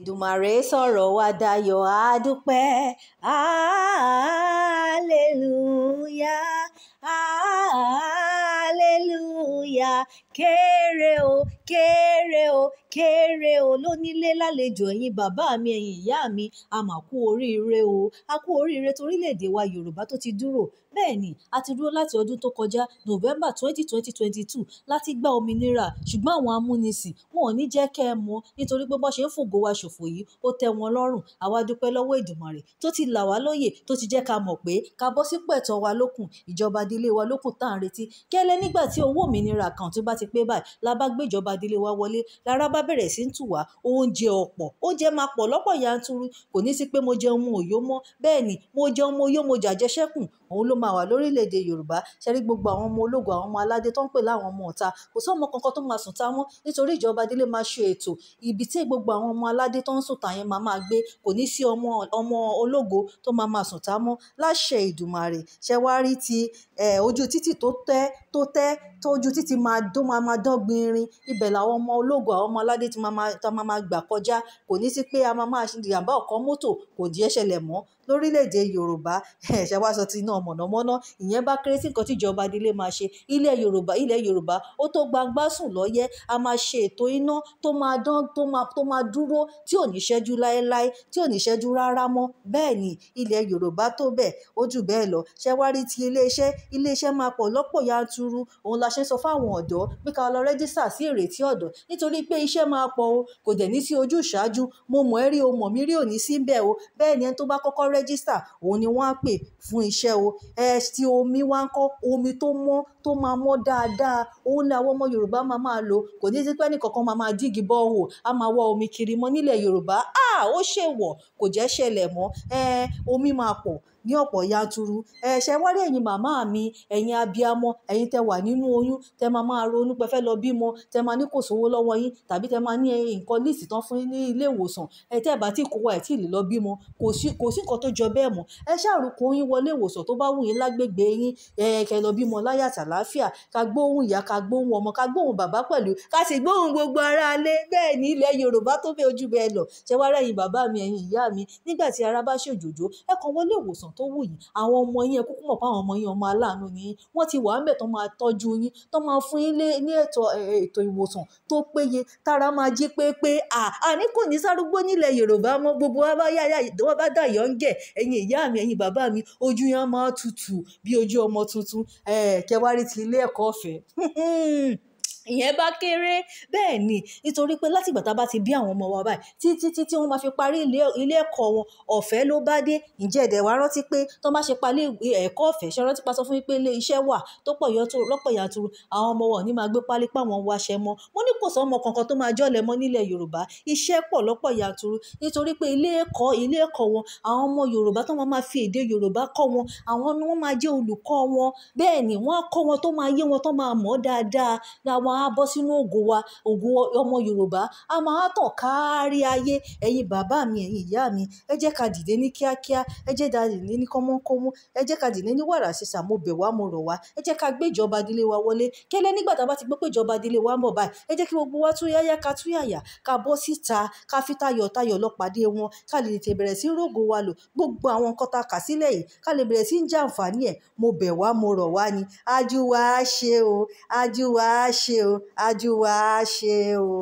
Èdùmàrè sọ̀rọ̀ wa dayọ̀ á dúpẹ́ hallelúyà kéré o kéré o kéré o lónílé lálejò ẹ̀yin bàbá mi ẹ̀yin ìyá mi a kú oríire o a kú oríire torílẹ̀ wa Yorùbá tó ti dúró bẹ́ẹ̀ ni a ti dúró láti ọdún tó kọjá november twenty twenty twenty two láti gba òmìnira ṣùgbọ́n àwọn amúnisìn wọn ò ní jẹ́ kẹ́ ẹ mọ̀ nítorí pé bọ́n ṣe ń fògo wa ṣòfò yìí ó tẹ́ wọn lọ́rùn àwa dúpẹ́ lọ́wọ́ Èdùmàrè tó ti là wá lóye tó ti jẹ́ ká mọ̀ pé ká bọ́ sípò ẹ̀tọ́ wa lókun ìjọba délé wa lókun tá à ń retí kẹ́lẹ́ nígbà tí owó òmìnira kan tó bá ti pé báyìí la bá gbéjọba délé wa wọlé lára bá bẹ̀rẹ̀ sí ń tù wá oúnjẹ ọ̀pọ̀ oúnjẹ máa pọ̀ lọ́pọ̀ yanturu kò ní sí pé mo jẹun mo òyó mọ́ bẹ́ẹ̀ ni mo jẹun mo yó mo jàjẹsẹ́kù òun ló máa máa wà lórílẹ̀‐èdè yorùbá ṣẹ́rí gbogbo àwọn ọmọ ológun àwọn ọmọ aládé tó ń pè láwọn ọmọ ọ̀tá kò sọ́mọ kankan tó máa sùn tá wọn nítorí ìjọba délé máa ṣe ètò ibi tí gbogbo àwọn ọmọ aládé tó ń sùn tá yẹn máa máa gbé kò ní sí ọmọ ọmọ ológo tó máa máa sùn tá mọ́ láṣẹ ìdùmarè ṣẹ́wárí ti ojú títì tó tẹ́ tó tẹ́ tójú títí máa dó máa máa dán gbinrin ibẹ̀ làwọn ọmọ ológun àwọn ọmọ aládé tí máa máa gbà kọjá kò ní sí pé a máa máa jàǹbá ọ̀kan mọ́tò kò jẹ́ ṣẹlẹ̀ mọ́ lórílẹ̀‐èdè yorùbá ẹ̀ṣẹ̀ wá sọ ti iná mọ̀nàmọ́ná ìyẹn bá kéré sí nǹkan tí ìjọba délé máa ṣe ilẹ̀ yorùbá ilẹ̀ yorùbá ó tó gbangba sùn lọ́yẹ́ a máa ṣe ètò iná tó máa dán tó máa dúró tí ò ní ṣẹ́jú láéláé tí ò ní ṣẹ́jú rárá mọ́ bẹ́ẹ̀ ni ilẹ̀ yorùbá tó bẹ́ẹ̀ ó jù bẹ́ẹ̀ lọ ṣẹ́wárí ti iléeṣẹ́ iléeṣẹ́ máa pọ̀ lọ́pọ̀ yanturu dúró òun la ṣe ń sọ fáwọn ọ̀dọ́ pé ká lọ rẹ́jísà sí ìrètí ọ̀dọ́ nítorí pé iṣẹ́ máa pọ̀ o kò dẹ̀ ní sí ojú ìṣáájú mo mọ̀ ẹ́ rí o mọ̀ mí rí òní sí bẹ́ẹ̀ o bẹ́ẹ̀ ni ẹni tó bá kọ́kọ́ rẹ́jísà òun ni wọ́n á pè fún iṣẹ́ o ẹ ti omi wá ń kọ́ omi tó mọ́ tó máa mọ́ dáadáa òun ni àwọn ọmọ Yorùbá máa máa lò kò ní sí pé ẹnì kọ̀ọ̀kan máa máa dígi kiri mọ́ nílẹ̀ Yorùbá á Ah, ó ṣèwọ̀ kò jẹ́ ṣẹlẹ̀ mọ́ omi máa pọ̀ ní ọ̀pọ̀ yanturu ṣe wọ́n rí ẹ̀yin màmá mi ẹ̀yin abiyamọ ẹ̀yin tẹ wà nínú oyún tẹ máa máa ronú pé fẹ́ lọ bímọ tẹ máa ní kò sówó lọ́wọ́ yín tàbí tẹ máa ní nǹkan líìsì tán fún ní ilé ìwòsàn ẹ tẹ́ bá tí kò wá ẹ̀ tí ì lè lọ bímọ kò sí nǹkan tó jọ bẹ́ẹ̀ mọ́ ẹ ṣàrùkọ yín wọlé ìwòsàn tó bá wù yín lágbègbè yín kẹ lọ bímọ láyà tàlàáfíà ká gbóhùn ìyá ká gbóhùn ọmọ ká gbóhùn bàbá pẹ̀lú ká sì ẹ̀yin bàbá mi ẹ̀yin ìyá mi nígbà tí ara bá ṣòjòjò ẹ kàn wọlé ìwòsàn tó wù yín àwọn ọmọ yín ẹ kúkú mọ̀ fáwọn ọmọ yín ọmọ aláàánú ni yín wọ́n ti wà á mẹ́ tó máa tọ́jú yín tó máa fún yín ní ètò ètò ìwòsàn tó péye tára máa jí pépé à àní kò ní sárúgbó nílẹ̀ Yorùbá mọ́ gbogbo wa bá yáyà wọ́n bá dà yọ̀ ń gẹ̀ ẹ̀yin ìyá mi ẹ̀yin bàbá mi ojú yẹn máa tutù bí ojú ọmọ tuntun ẹ̀ẹ́dẹ̀kẹ́wárí ti ilé ẹ̀kọ́ ọ̀fẹ́ ìyẹn bá kéré bẹ́ẹ̀ ni nítorí pé láti ìgbà tá a bá ti bí àwọn ọmọ wa báyìí títí títí wọ́n máa fi parí ilé ẹ̀kọ́ wọn ọ̀fẹ́ ló bá dé ǹjẹ́ ẹ̀dẹ̀ wa rántí pé tó máa ṣe parí eh, ẹ̀kọ́ ọ̀fẹ́ ṣe rántí pa sọ fún mi pé ilé iṣẹ́ wà tó pọ̀ lọ́pọ̀ yàtúrú àwọn ọmọ wọn ní máa gbé pálí pa wọn waṣẹ mọ́ mo ní kò sọ ọmọ kankan tó máa jọ́lẹ̀ mọ́ nílẹ̀ Yorùbá iṣẹ́ pọ̀ lọ́pọ̀ yàtúrú nítorí pé ilé ẹ̀kọ́ ilé ẹ̀kọ́ wọn àwọn ọmọ Yorùbá tó máa máa bọ́ sínú ògo wa ògo ọmọ Yorùbá a máa tàn kárí ayé ẹ̀yin bàbá mi ẹ̀yin ìyá mi ẹ jẹ́ ká dìde ní kíákíá ẹ jẹ́ ká dìde ní kọ́mọ́kọ́mọ́ ẹ jẹ́ ká dìde ní wàrà sísà mo bẹ̀ wá mo rọ̀ wá ẹ jẹ́ ká gbé ìjọba délé wa wọlé kẹ́lẹ́ nígbà tá a bá ti gbé pé ìjọba délé wa ń bọ̀ báyìí ẹ jẹ́ kí gbogbo wa tún yáyá ká tún yàyà ká bọ́ síta ká fi tayọ̀tayọ̀ lọ pàdé wọn ká lè tètè bẹ̀rẹ̀ sí rògo wa lò gbogbo àwọn nǹkan tá kà sílẹ̀ yìí ká lè bẹ̀rẹ̀ sí ń jàǹfààní ẹ̀ mo bẹ̀ wá mo rọ̀ wá ni ajú wa ṣe o ajú wa ṣe ṣe o ajúwa á ṣe o